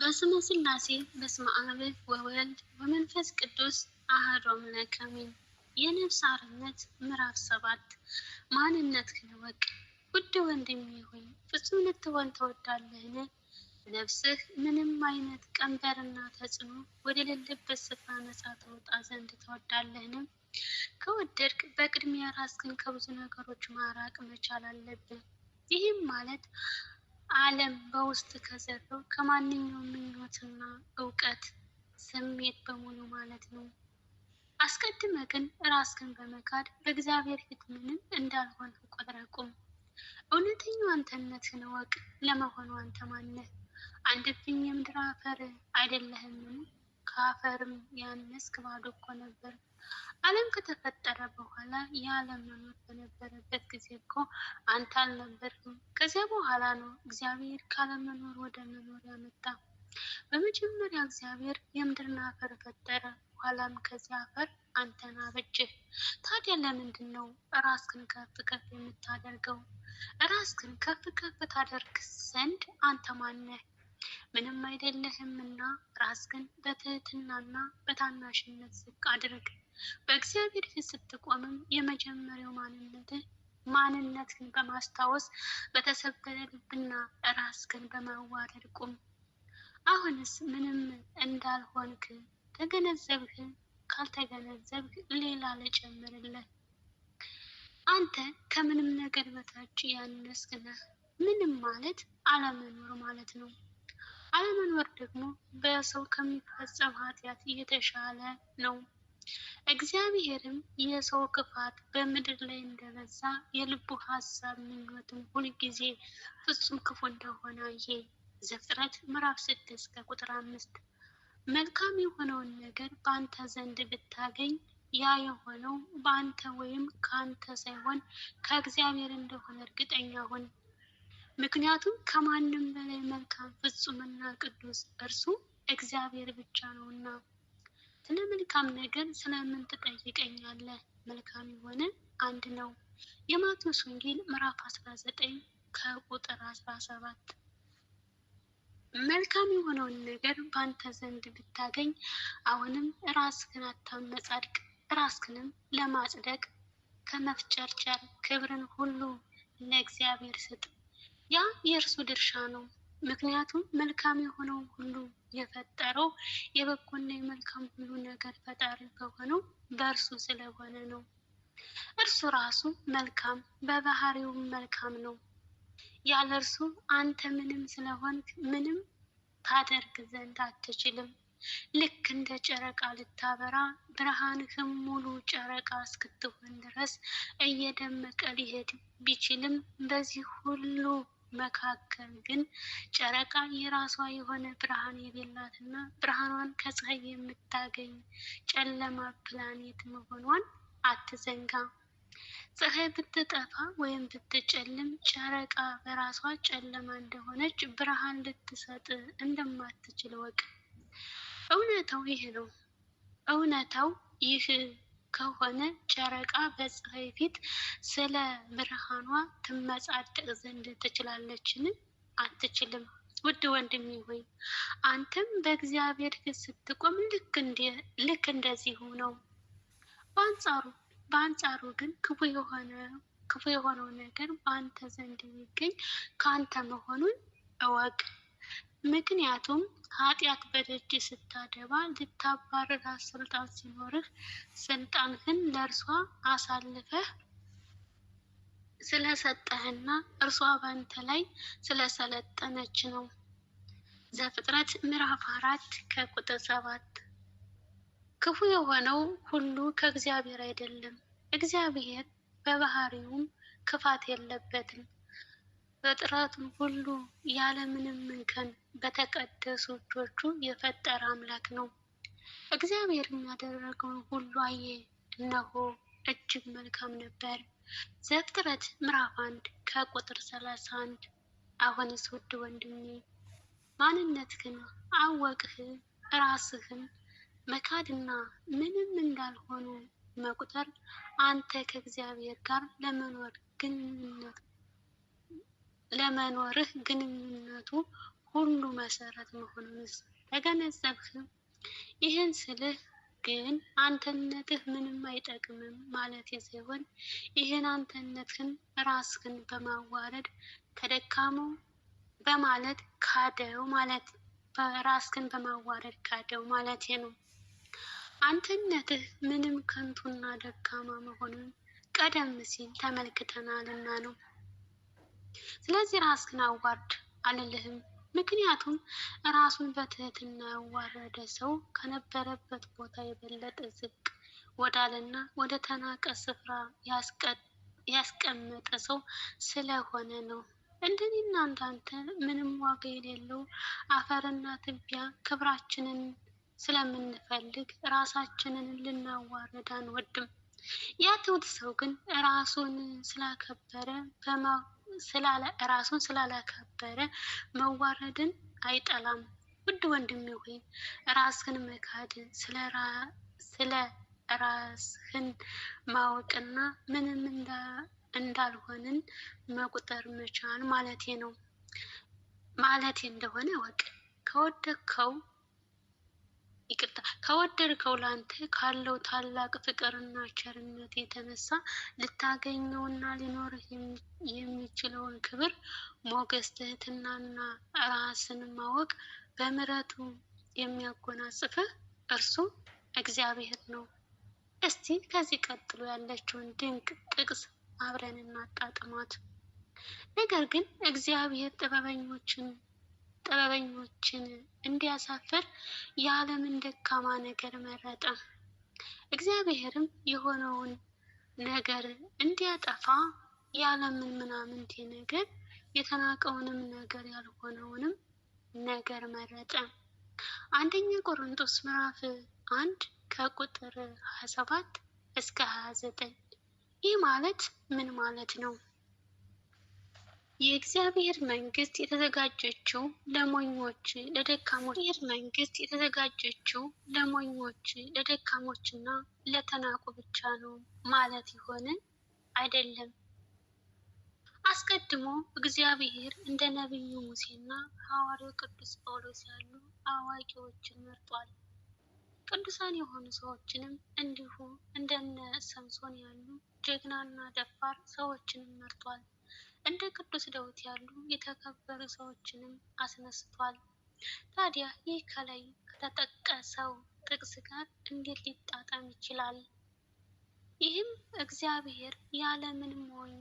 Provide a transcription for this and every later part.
በስመ ስላሴ በስመ አብ ወወልድ ወመንፈስ ቅዱስ አሐዱ አምላክ አሜን። የነፍስ አርነት ምዕራፍ ሰባት ማንነት ክንወቅ ውድ ወንድሜ ሆይ ፍጹም ልትሆን ትወዳለህን? ነፍስህ ምንም አይነት ቀንበርና ተጽዕኖ ወደሌለበት ስፍራ ነፃ ተወጣ ዘንድ ትወዳለህን? ከወደድክ በቅድሚያ ራስህን ከብዙ ነገሮች ማራቅ መቻል አለብህ። ይህም ማለት ዓለም በውስጥ ከዘረው ከማንኛውም ምኞትና እውቀት ስሜት በሙሉ ማለት ነው። አስቀድመ ግን ራስህን በመካድ በእግዚአብሔር ፊት ምንም እንዳልሆን ቆጥረቁም እውነተኛ እውነተኛው አንተነትህን እወቅ። ለመሆኑ አንተ ማን አንድ የምድር አፈር አይደለህምን? ከአፈርም ያነስክ ባዶ እኮ ነበር። ዓለም ከተፈጠረ በኋላ የዓለም መኖር በነበረበት ጊዜ እኮ አንተ አልነበርም። ከዚያ በኋላ ነው እግዚአብሔር ካለመኖር ወደ መኖር ያመጣ። በመጀመሪያ እግዚአብሔር የምድርን አፈር ፈጠረ፣ ኋላም ከዚያ አፈር አንተን አበጀህ። ታዲያ ለምንድን ነው ራስክን ከፍ ከፍ የምታደርገው? ራስክን ከፍ ከፍ ታደርግ ዘንድ አንተ ማነህ? ምንም አይደለህም ራስ ራስህን በትህትናና በታናሽነት ዝቅ አድርግ። በእግዚአብሔር ፊት ስትቆምም የመጀመሪያው ማንነትህ ማንነትን በማስታወስ በተሰበረ ልብና ራስህን በማዋረድ ቁም። አሁንስ ምንም እንዳልሆንክ ተገነዘብህ። ካልተገነዘብህ ሌላ ልጨምርልህ። አንተ ከምንም ነገር በታች ያነስክ ነህ። ምንም ማለት አለመኖር ማለት ነው። አለመኖር ደግሞ በሰው ከሚፈጸም ኃጢአት የተሻለ ነው። እግዚአብሔርም የሰው ክፋት በምድር ላይ እንደበዛ የልቡ ሀሳብ ምኞትም ሁልጊዜ ፍጹም ክፉ እንደሆነ አየ። ዘፍጥረት ምዕራፍ ስድስት ከቁጥር አምስት መልካም የሆነውን ነገር በአንተ ዘንድ ብታገኝ ያ የሆነው በአንተ ወይም ከአንተ ሳይሆን ከእግዚአብሔር እንደሆነ እርግጠኛ ሁን። ምክንያቱም ከማንም በላይ መልካም ፍጹምና ቅዱስ እርሱ እግዚአብሔር ብቻ ነውና። ስለ መልካም ነገር ስለምን ትጠይቀኛለህ? መልካም የሆነ አንድ ነው። የማቴዎስ ወንጌል ምዕራፍ 19 ከቁጥር 17። መልካም የሆነውን ነገር በአንተ ዘንድ ብታገኝ አሁንም ራስህን አታመጻድቅ፣ ራስህንም ለማጽደቅ ከመፍጨርጨር ክብርን ሁሉ ለእግዚአብሔር ስጥ። ያ የእርሱ ድርሻ ነው። ምክንያቱም መልካም የሆነው ሁሉ የፈጠረው የበጎና የመልካም ሁሉ ነገር ፈጣሪ በሆነው በእርሱ ስለሆነ ነው። እርሱ ራሱ መልካም፣ በባህሪውም መልካም ነው። ያለ እርሱ አንተ ምንም ስለሆንክ ምንም ታደርግ ዘንድ አትችልም። ልክ እንደ ጨረቃ ልታበራ ብርሃንህም ሙሉ ጨረቃ እስክትሆን ድረስ እየደመቀ ሊሄድ ቢችልም በዚህ ሁሉ መካከል ግን ጨረቃ የራሷ የሆነ ብርሃን የሌላትና ብርሃኗን ከፀሐይ የምታገኝ ጨለማ ፕላኔት መሆኗን አትዘንጋ። ፀሐይ ብትጠፋ ወይም ብትጨልም ጨረቃ በራሷ ጨለማ እንደሆነች ብርሃን ልትሰጥ እንደማትችል ወቅ። እውነታው ይህ ነው። እውነታው ይህ ከሆነ ጨረቃ በፀሐይ ፊት ስለ ብርሃኗ ትመጻደቅ ዘንድ ትችላለችን? አትችልም። ውድ ወንድሜ ሆይ አንተም በእግዚአብሔር ፊት ስትቆም ልክ እንደዚሁ ነው። በአንጻሩ በአንጻሩ ግን ክፉ የሆነ ክፉ የሆነው ነገር በአንተ ዘንድ የሚገኝ ከአንተ መሆኑን እወቅ። ምክንያቱም ኃጢአት በደጅ ስታደባ ልታባረራት ስልጣን ሲኖርህ ስልጣንህን ለእርሷ አሳልፈህ ስለሰጠህና እርሷ በንተ ላይ ስለሰለጠነች ነው። ዘፍጥረት ምዕራፍ አራት ከቁጥር ሰባት ክፉ የሆነው ሁሉ ከእግዚአብሔር አይደለም፣ እግዚአብሔር በባህሪውም ክፋት የለበትም። ፍጥረቱን ሁሉ ያለምንም እንከን በተቀደሱ እጆቹ የፈጠረ አምላክ ነው። እግዚአብሔር ያደረገውን ሁሉ አየ፣ እነሆ እጅግ መልካም ነበር። ዘፍጥረት ምዕራፍ አንድ ከቁጥር ሰላሳ አንድ አሁንስ ውድ ወንድሜ ማንነትህን አወቅህ ራስህን መካድና ምንም እንዳልሆነ መቁጠር አንተ ከእግዚአብሔር ጋር ለመኖር ግንኙነት ለመኖርህ ግንኙነቱ ሁሉ መሰረት መሆኑን ተገነዘብህ። ይህን ስልህ ግን አንተነትህ ምንም አይጠቅምም ማለት ሲሆን ይህን አንተነትህን ራስህን በማዋረድ ከደካመው በማለት ካደው ማለት ራስህን በማዋረድ ካደው ማለት ነው። አንተነትህ ምንም ከንቱና ደካማ መሆኑን ቀደም ሲል ተመልክተናልና ነው። ስለዚህ ራስን አዋርድ አልልህም። ምክንያቱም ራሱን በትህትና ያዋረደ ሰው ከነበረበት ቦታ የበለጠ ዝቅ ወዳለና ወደ ተናቀ ስፍራ ያስቀመጠ ሰው ስለሆነ ነው። እንደኔ እናንተ ምንም ዋጋ የሌለው አፈርና ትቢያ ክብራችንን ስለምንፈልግ ራሳችንን ልናዋረድ አንወድም። ያ ትሁት ሰው ግን ራሱን ስላከበረ በማ ራሱን ስላላከበረ መዋረድን አይጠላም። ውድ ወንድሜ ሆይ ራስህን መካድ ስለ ራስህን ማወቅና ምንም እንዳልሆንን መቁጠር መቻል ማለቴ ነው ማለቴ እንደሆነ ወቅ ከወደከው ይቅርታ ከወደድከው ላንተ ካለው ታላቅ ፍቅርና ቸርነት የተነሳ ልታገኘውና ሊኖርህ የሚችለውን ክብር፣ ሞገስ፣ ትህትናና ራስን ማወቅ በምረቱ የሚያጎናጽፍህ እርሱ እግዚአብሔር ነው። እስቲ ከዚህ ቀጥሎ ያለችውን ድንቅ ጥቅስ አብረን እናጣጥማት። ነገር ግን እግዚአብሔር ጥበበኞችን ጥበበኞችን እንዲያሳፍር የዓለምን ደካማ ነገር መረጠ። እግዚአብሔርም የሆነውን ነገር እንዲያጠፋ የዓለምን ምናምንቴ ነገር የተናቀውንም ነገር ያልሆነውንም ነገር መረጠ። አንደኛ ቆሮንቶስ ምዕራፍ አንድ ከቁጥር 27 እስከ 29። ይህ ማለት ምን ማለት ነው? የእግዚአብሔር መንግስት የተዘጋጀችው ለሞኞች ለደካሞች መንግስት የተዘጋጀችው ለሞኞች ለደካሞችና ለተናቁ ብቻ ነው ማለት ይሆን? አይደለም። አስቀድሞ እግዚአብሔር እንደ ነቢዩ ሙሴና ሐዋርያው ቅዱስ ጳውሎስ ያሉ አዋቂዎችን መርጧል። ቅዱሳን የሆኑ ሰዎችንም እንዲሁ እንደነ ሰምሶን ያሉ ጀግናና ደፋር ሰዎችንም መርጧል። እንደ ቅዱስ ዳዊት ያሉ የተከበሩ ሰዎችንም አስነስቷል። ታዲያ ይህ ከላይ ከተጠቀሰው ጥቅስ ጋር እንዴት ሊጣጣም ይችላል? ይህም እግዚአብሔር ያለምንም ሞኝ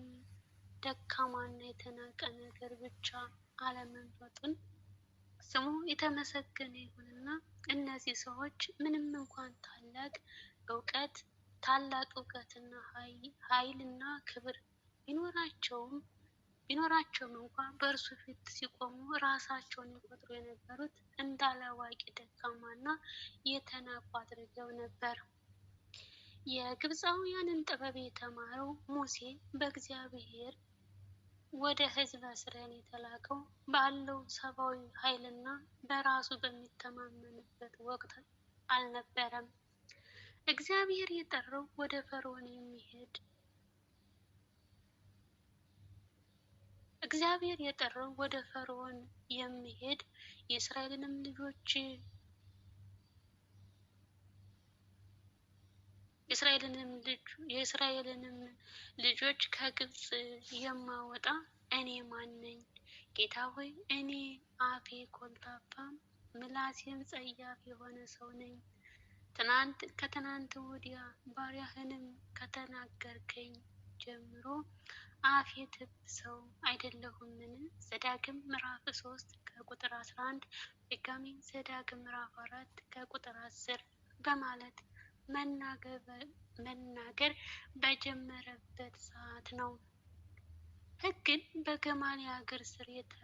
ደካማና የተናቀ ነገር ብቻ አለመምረጡን ስሙ የተመሰገነ ይሁንና እነዚህ ሰዎች ምንም እንኳን ታላቅ እውቀት ታላቅ እውቀትና ኃይልና ክብር ቢኖራቸውም ቢኖራቸውም እንኳን በእርሱ ፊት ሲቆሙ ራሳቸውን ይቆጥሩ የነበሩት እንዳላዋቂ ደካማና የተናቁ አድርገው ነበር። የግብፃውያንን ጥበብ የተማረው ሙሴ በእግዚአብሔር ወደ ሕዝበ እስራኤል የተላከው ባለው ሰብአዊ ኃይልና በራሱ በሚተማመንበት ወቅት አልነበረም። እግዚአብሔር የጠራው ወደ ፈርዖን የሚሄድ እግዚአብሔር የጠራው ወደ ፈርዖን የሚሄድ የእስራኤልንም ልጆች የእስራኤልንም ልጅ የእስራኤልንም ልጆች ከግብፅ የማወጣ እኔ ማን ነኝ? ጌታ ሆይ እኔ አፌ ኮልታፋ ምላሴም ጸያፍ የሆነ ሰው ነኝ። ትናንት ከትናንት ወዲያ ባሪያህንም ከተናገርከኝ ጀምሮ አፍ የትብ ሰው አይደለሁምን? ዘዳግም ምዕራፍ ሶስት ከቁጥር አስራ አንድ ድጋሚ ዘዳግም ምዕራፍ አራት ከቁጥር አስር በማለት መናገር በጀመረበት ሰዓት ነው። ሕግን በገማሊ ሀገር ስር የተ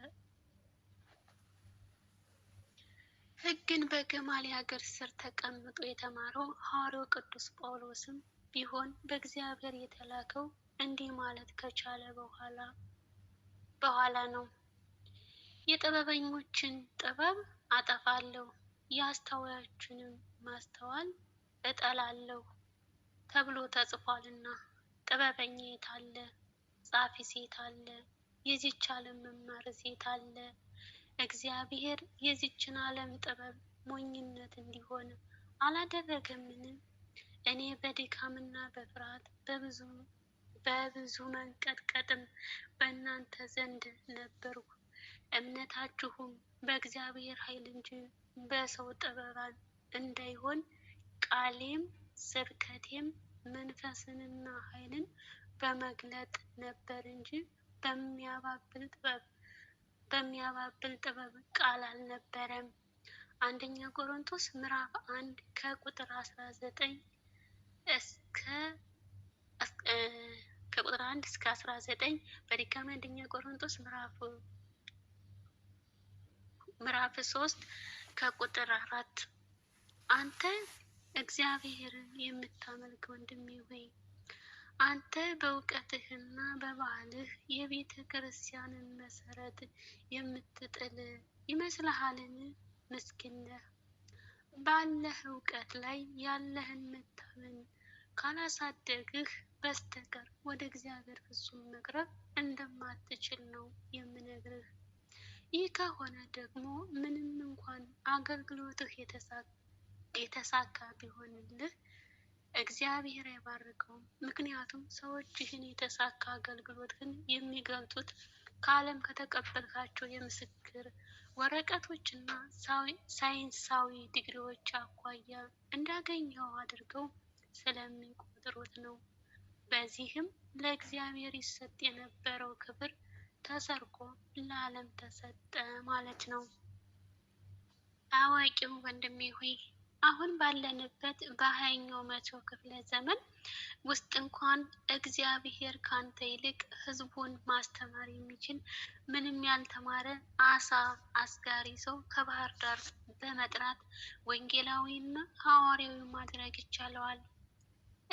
ሕግን በገማሊ ስር ተቀምጦ የተማረው ሐዋርያው ቅዱስ ጳውሎስም ቢሆን በእግዚአብሔር የተላከው እንዲህ ማለት ከቻለ በኋላ በኋላ ነው። የጥበበኞችን ጥበብ አጠፋለሁ የአስተዋዮችንም ማስተዋል እጠላለሁ ተብሎ ተጽፏልና። ጥበበኛ የት አለ? ጻፊ ሴት አለ? የዚች ዓለም መማር ሴት አለ? እግዚአብሔር የዚችን ዓለም ጥበብ ሞኝነት እንዲሆን አላደረገምን? እኔ በድካምና በፍርሃት በብዙ በብዙ መንቀጥቀጥም በእናንተ ዘንድ ነበርኩ። እምነታችሁም በእግዚአብሔር ኃይል እንጂ በሰው ጥበብ እንዳይሆን ቃሌም ስብከቴም መንፈስንና ኃይልን በመግለጥ ነበር እንጂ በሚያባብል ጥበብ በሚያባብል ጥበብ ቃል አልነበረም። አንደኛ ቆሮንቶስ ምዕራፍ አንድ ከቁጥር አስራ ዘጠኝ እስከ ከቁጥር አንድ እስከ አስራ ዘጠኝ በድጋሚ አንደኛ ቆሮንቶስ ምዕራፍ ምዕራፍ ሶስት ከቁጥር አራት አንተ እግዚአብሔርን የምታመልክ ወንድሜ ሆይ አንተ በእውቀትህና በባህልህ የቤተ ክርስቲያንን መሰረት የምትጥል ይመስልሃልን? ምስኪን ባለህ እውቀት ላይ ያለህን መታመን ካላሳደግህ በስተቀር ወደ እግዚአብሔር ፍጹም መቅረብ እንደማትችል ነው የምነግርህ። ይህ ከሆነ ደግሞ ምንም እንኳን አገልግሎትህ የተሳካ ቢሆንልህ እግዚአብሔር አይባርከውም። ምክንያቱም ሰዎች ይህን የተሳካ አገልግሎትህን የሚገልጡት ከዓለም ከተቀበልካቸው የምስክር ወረቀቶችና ሳይንሳዊ ዲግሪዎች አኳያ እንዳገኘው አድርገው ስለሚቆጥሩት ነው። በዚህም ለእግዚአብሔር ይሰጥ የነበረው ክብር ተሰርቆ ለዓለም ተሰጠ ማለት ነው። አዋቂው ወንድሜ ሆይ አሁን ባለንበት በሃያኛው መቶ ክፍለ ዘመን ውስጥ እንኳን እግዚአብሔር ካንተ ይልቅ ሕዝቡን ማስተማር የሚችል ምንም ያልተማረ አሳ አስጋሪ ሰው ከባህር ዳር በመጥራት ወንጌላዊና ሐዋርያዊ ማድረግ ይቻለዋል።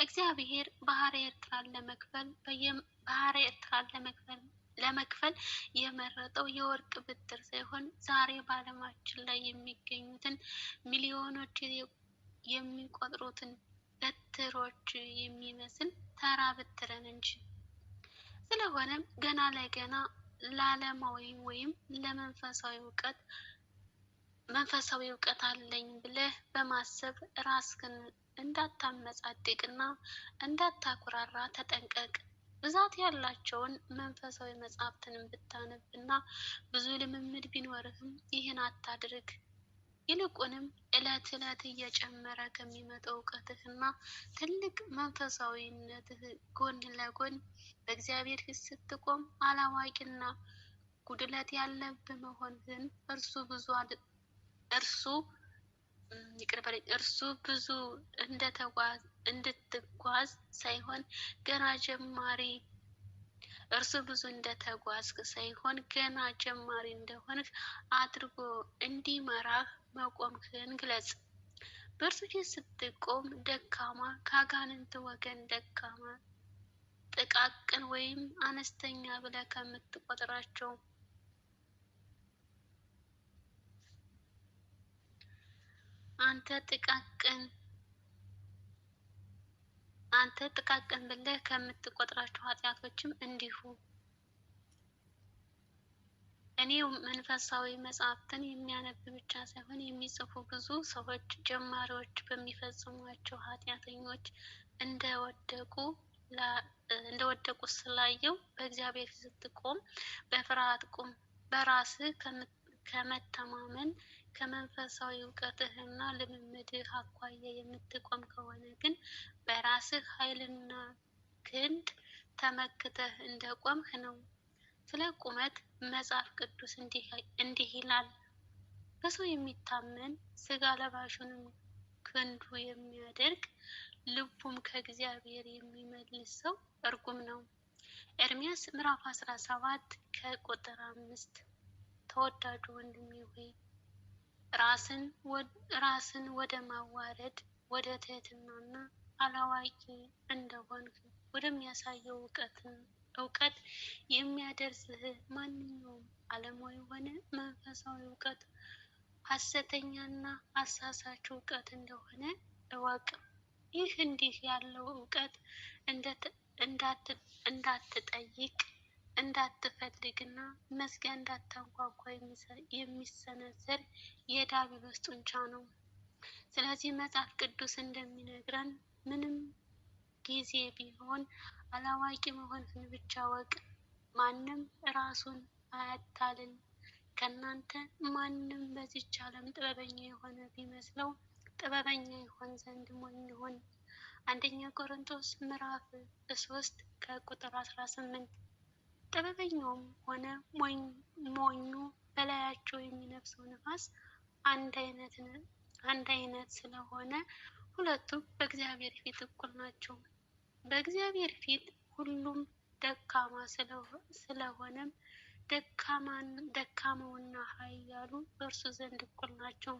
እግዚአብሔር ባህረ ኤርትራን ለመክፈል ባህረ ኤርትራን ለመክፈል ለመክፈል የመረጠው የወርቅ ብድር ሳይሆን ዛሬ በዓለማችን ላይ የሚገኙትን ሚሊዮኖች የሚቆጥሩትን በትሮች የሚመስል ተራ ብድርን እንጂ። ስለሆነም ገና ለገና ለዓለማዊ ወይም ለመንፈሳዊ እውቀት መንፈሳዊ እውቀት አለኝ ብለህ በማሰብ ራስህን እንዳታመጻድቅና እንዳታኩራራ ተጠንቀቅ። ብዛት ያላቸውን መንፈሳዊ መጽሐፍትንም ብታነብ እና ብዙ ልምምድ ቢኖርህም ይህን አታድርግ። ይልቁንም ዕለት ዕለት እየጨመረ ከሚመጣው እውቀትህና ትልቅ መንፈሳዊነትህ ጎን ለጎን በእግዚአብሔር ፊት ስትቆም አላዋቂና ጉድለት ያለብህ መሆንህን እርሱ ብዙ እርሱ ይቅር በለኝ እርሱ ብዙ እንድትጓዝ ሳይሆን ገና ጀማሪ እርሱ ብዙ እንደተጓዝ ሳይሆን ገና ጀማሪ እንደሆነ አድርጎ እንዲመራህ መቆምህን ግለጽ። በእርሱ ፊት ስትቆም ደካማ ከአጋንንት ወገን ደካማ ጥቃቅን ወይም አነስተኛ ብለህ ከምትቆጥራቸው አንተ ጥቃቅን አንተ ጥቃቅን ብለህ ከምትቆጥራቸው ኃጢአቶችም እንዲሁ እኔ መንፈሳዊ መጽሐፍትን የሚያነብ ብቻ ሳይሆን የሚጽፉ ብዙ ሰዎች ጀማሪዎች በሚፈጽሟቸው ኃጢአተኞች እንደወደቁ እንደወደቁ ስላየው በእግዚአብሔር ስትቆም በፍርሃት ቁም፣ በራስህ ከመተማመን ከመንፈሳዊ እውቀትህና ልምምድህ አኳያ የምትቆም ከሆነ ግን በራስህ ኃይልና ክንድ ተመክተህ እንደቆምህ ነው። ስለ ቁመት መጽሐፍ ቅዱስ እንዲህ ይላል፣ በሰው የሚታመን ስጋ ለባሹንም ክንዱ የሚያደርግ ልቡም ከእግዚአብሔር የሚመልስ ሰው እርጉም ነው። ኤርሚያስ ምዕራፍ 17 ከቁጥር 5። ተወዳጁ ወንድሜ ሆይ ራስን ወደ ማዋረድ ወደ ትህትናና አላዋቂ እንደሆንክ ወደሚያሳየው እውቀት የሚያደርስህ ማንኛውም ዓለማዊ ሆነ መንፈሳዊ እውቀት ሐሰተኛና አሳሳች እውቀት እንደሆነ እወቅ። ይህ እንዲህ ያለው እውቀት እንዳትጠይቅ እንዳትፈልግና መዝጊያ እንዳታንኳኳ የሚሰነዘር የዲያብሎስ ጡንቻ ነው። ስለዚህ መጽሐፍ ቅዱስ እንደሚነግረን ምንም ጊዜ ቢሆን አላዋቂ መሆንህን ብቻ ወቅ። ማንም ራሱን አያታልል። ከእናንተ ማንም በዚች ዓለም ጥበበኛ የሆነ ቢመስለው ጥበበኛ ይሆን ዘንድ ሞኝ ይሆን? አንደኛ ቆሮንቶስ ምዕራፍ ሶስት ከቁጥር አስራ ስምንት ጥበበኛውም ሆነ ሞኙ በላያቸው የሚነፍሰው ነፋስ አንድ አይነት ስለሆነ ሁለቱም በእግዚአብሔር ፊት እኩል ናቸው። በእግዚአብሔር ፊት ሁሉም ደካማ ስለሆነም ደካማውና ኃያሉ በእርሱ ዘንድ እኩል ናቸው።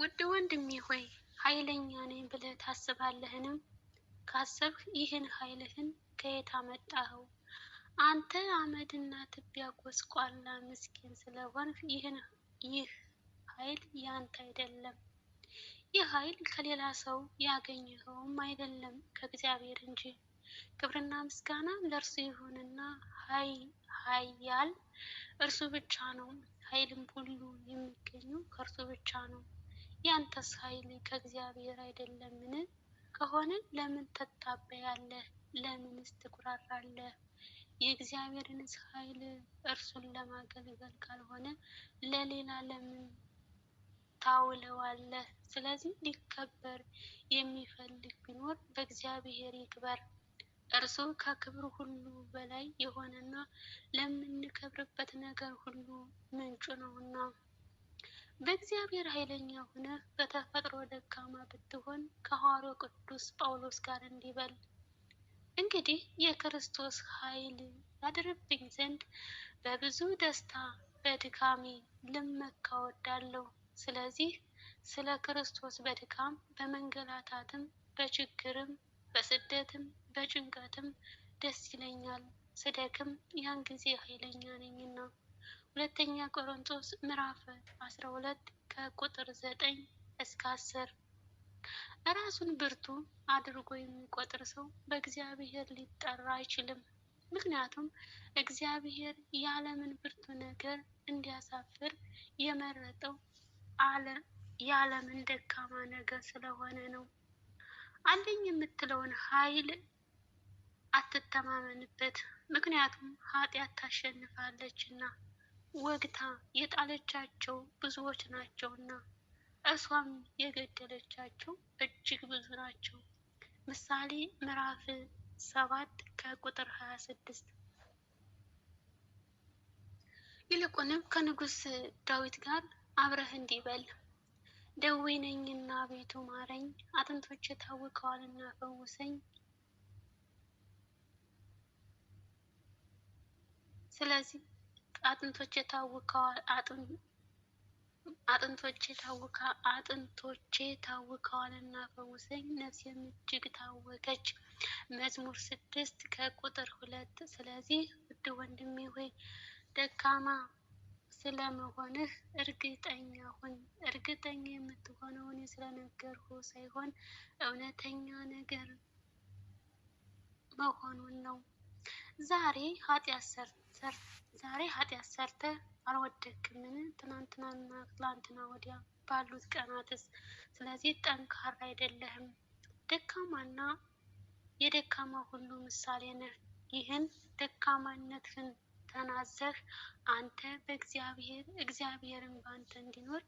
ውድ ወንድሜ ሆይ ኃይለኛ ነኝ ብለህ ታስባለህንም? ካሰብህ ይህን ኃይልህን ከየት አመጣኸው? አንተ አመድና ትቢያ ጎስቋላ ምስኪን ስለሆንህ ይህ ኃይል ያንተ አይደለም። ይህ ኃይል ከሌላ ሰው ያገኘኸውም አይደለም ከእግዚአብሔር እንጂ። ክብርና ምስጋና ለእርሱ ይሁንና ኃያል እርሱ ብቻ ነው። ኃይልም ሁሉ የሚገኘው ከእርሱ ብቻ ነው። ያንተስ ኃይል ከእግዚአብሔር አይደለምን? ከሆንን ለምን ትታበያለህ? ለምንስ ትኩራራለህ? የእግዚአብሔርንስ ኃይል እርሱን ለማገልገል ካልሆነ ለሌላ ለምን ታውለዋለህ? ስለዚህ ሊከበር የሚፈልግ ቢኖር በእግዚአብሔር ይክበር። እርሱ ከክብር ሁሉ በላይ የሆነና ለምንከብርበት ነገር ሁሉ ምንጩ ነውና። በእግዚአብሔር ኃይለኛ ሆነ በተፈጥሮ ደካማ ብትሆን ከሐዋርያው ቅዱስ ጳውሎስ ጋር እንዲህ በል። እንግዲህ የክርስቶስ ኃይል ያድርብኝ ዘንድ በብዙ ደስታ በድካሜ ልመካ ወዳለሁ። ስለዚህ ስለ ክርስቶስ በድካም በመንገላታትም በችግርም በስደትም በጭንቀትም ደስ ይለኛል፣ ስደክም ያን ጊዜ ኃይለኛ ነኝና። ሁለተኛ ቆሮንቶስ ምዕራፍ 12 ከቁጥር 9 እስከ 10 ራሱን ብርቱ አድርጎ የሚቆጥር ሰው በእግዚአብሔር ሊጠራ አይችልም። ምክንያቱም እግዚአብሔር የዓለምን ብርቱ ነገር እንዲያሳፍር የመረጠው የዓለምን ደካማ ነገር ስለሆነ ነው። አለኝ የምትለውን ኃይል አትተማመንበት፣ ምክንያቱም ኃጢአት ታሸንፋለች እና ወግታ የጣለቻቸው ብዙዎች ናቸውና እሷም የገደለቻቸው እጅግ ብዙ ናቸው። ምሳሌ ምዕራፍ ሰባት ከቁጥር ሀያ ስድስት ይልቁንም ከንጉሥ ዳዊት ጋር አብረህ እንዲበል ደዌ ነኝና አቤቱ ማረኝ፣ አጥንቶች ታውከዋልና ፈውሰኝ። ስለዚህ አጥንቶቼ ታውከዋል አጥንቶቼ ታውካ አጥንቶቼ እና ፈውሰኝ ነፍሴም እጅግ ታወከች። መዝሙር ስድስት ከቁጥር ሁለት ስለዚህ ውድ ወንድሜ ሆይ ደካማ ስለመሆንህ እርግጠኛ ሁን። እርግጠኛ የምትሆነውን እኔ ሳይሆን እውነተኛ ነገር መሆኑን ነው። ዛሬ ኃጢአት ሰርተህ ዛሬ ኃጢአት ሰርተህ አልወደቅምን? ትናንትናና ትላንትና ወዲያ ባሉት ቀናትስ? ስለዚህ ጠንካራ አይደለህም፣ ደካማና የደካማ ሁሉ ምሳሌ ነህ። ይህን ደካማነትህን ተናዘህ አንተ በእግዚአብሔር እግዚአብሔርን በአንተ እንዲኖር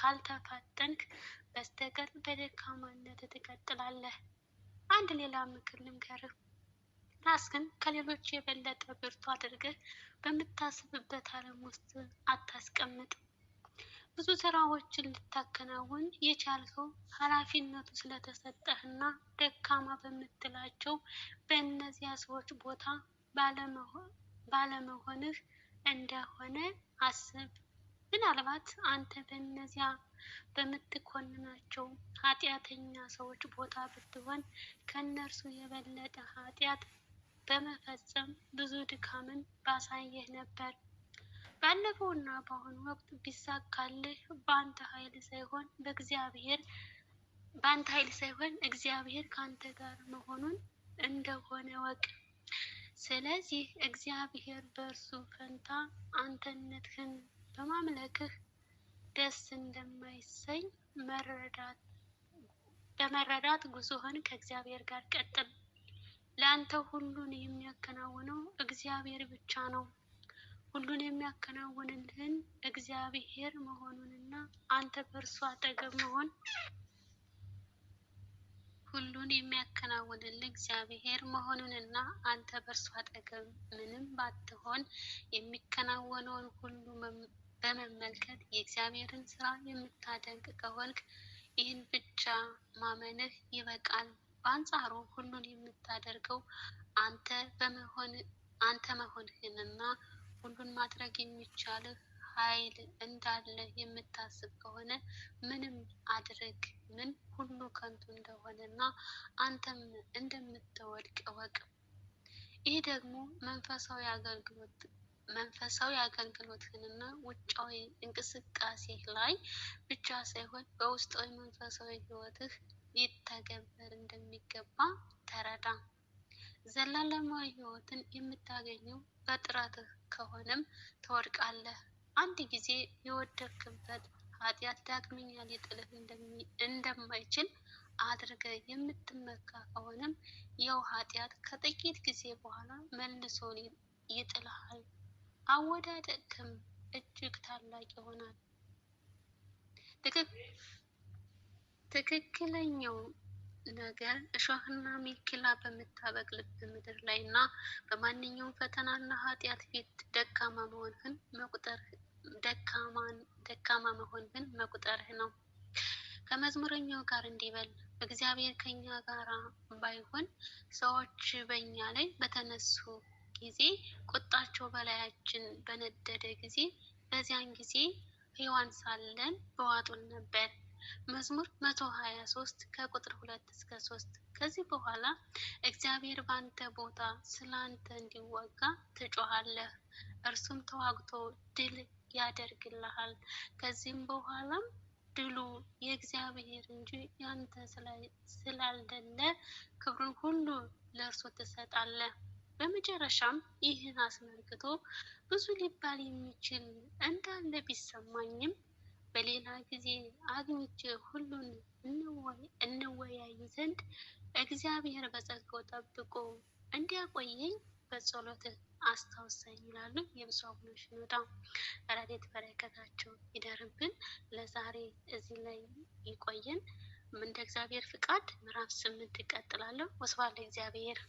ካልተፋጠንክ በስተቀር በደካማነት ትቀጥላለህ። አንድ ሌላ ምክር ልምከርህ። ራስህን ከሌሎች የበለጠ ብርቱ አድርገህ በምታስብበት ዓለም ውስጥ አታስቀምጥ። ብዙ ስራዎችን ልታከናውን የቻልከው ኃላፊነቱ ስለተሰጠህ እና ደካማ በምትላቸው በእነዚያ ሰዎች ቦታ ባለመሆንህ እንደሆነ አስብ። ምናልባት አንተ በእነዚያ በምትኮንናቸው ኃጢአተኛ ሰዎች ቦታ ብትሆን ከእነርሱ የበለጠ ኃጢአት በመፈጸም ብዙ ድካምን ባሳየህ ነበር። ባለፈው እና በአሁኑ ወቅት ቢሳካልህ በአንተ ኃይል ሳይሆን በእግዚአብሔር በአንተ ኃይል ሳይሆን እግዚአብሔር ከአንተ ጋር መሆኑን እንደሆነ ወቅ። ስለዚህ እግዚአብሔር በእርሱ ፈንታ አንተነትህን በማምለክህ ደስ እንደማይሰኝ በመረዳት ጉዞህን ከእግዚአብሔር ጋር ቀጥል። ለአንተ ሁሉን የሚያከናውነው እግዚአብሔር ብቻ ነው። ሁሉን የሚያከናውንልህን እግዚአብሔር መሆኑንና አንተ በእርሱ አጠገብ መሆን ሁሉን የሚያከናውንልህ እግዚአብሔር መሆኑንና አንተ በእርሱ አጠገብ ምንም ባትሆን የሚከናወነውን ሁሉ በመመልከት የእግዚአብሔርን ስራ የምታደንቅ ከሆንክ ይህን ብቻ ማመንህ ይበቃል። በአንጻሩ ሁሉን የምታደርገው አንተ በመሆን አንተ መሆንህንና ሁሉን ማድረግ የሚቻልህ ኃይል እንዳለ የምታስብ ከሆነ ምንም አድርግ ምን ሁሉ ከንቱ እንደሆነና አንተም እንደምትወድቅ እወቅ። ይህ ደግሞ መንፈሳዊ አገልግሎት መንፈሳዊ አገልግሎትህንና ውጫዊ እንቅስቃሴ ላይ ብቻ ሳይሆን በውስጣዊ መንፈሳዊ ህይወትህ ሊተገበር እንደሚገባ ተረዳ። ዘላለማዊ ህይወትን የምታገኘው በጥረትህ ከሆነም ትወድቃለህ። አንድ ጊዜ የወደቅክበት ኃጢአት ዳግመኛ ሊጥልህ እንደማይችል አድርገ የምትመካ ከሆነም ያው ኃጢአት ከጥቂት ጊዜ በኋላ መልሶ ይጥልሃል። አወዳደቅም እጅግ ታላቅ ይሆናል። ትክክለኛው ነገር እሾህና በምታበቅ በምታበቅልብ ምድር ላይ እና በማንኛውም ፈተናና ኃጢአት ፊት ደካማ መሆንህን መቁጠር ደካማ መሆንህን መቁጠርህ ነው። ከመዝሙረኛው ጋር እንዲበል እግዚአብሔር ከኛ ጋር ባይሆን ሰዎች በእኛ ላይ በተነሱ ጊዜ ቁጣቸው በላያችን በነደደ ጊዜ በዚያን ጊዜ ሕያዋን ሳለን በዋጡን ነበር። መዝሙር መቶ ሀያ ሶስት ከቁጥር ሁለት እስከ ሶስት ከዚህ በኋላ እግዚአብሔር ባንተ ቦታ ስለ አንተ እንዲዋጋ ትጮሃለህ፣ እርሱም ተዋግቶ ድል ያደርግልሃል። ከዚህም በኋላም ድሉ የእግዚአብሔር እንጂ ያንተ ስላልደለ ክብሩን ሁሉ ለእርሱ ትሰጣለህ። በመጨረሻም ይህን አስመልክቶ ብዙ ሊባል የሚችል እንዳለ ቢሰማኝም በሌላ ጊዜ አግኝቼ ሁሉን እንወያይ ዘንድ እግዚአብሔር በጸጋው ጠብቆ እንዲያቆየኝ በጸሎት አስታውሰኝ ይላሉ የብፁዕ አቡነ ሽኖዳ። ረድኤት በረከታቸው ይደርብን። ለዛሬ እዚህ ላይ ይቆየን። እንደ እግዚአብሔር ፍቃድ ምዕራፍ ስምንት ይቀጥላለሁ። ወስብሐት ለእግዚአብሔር።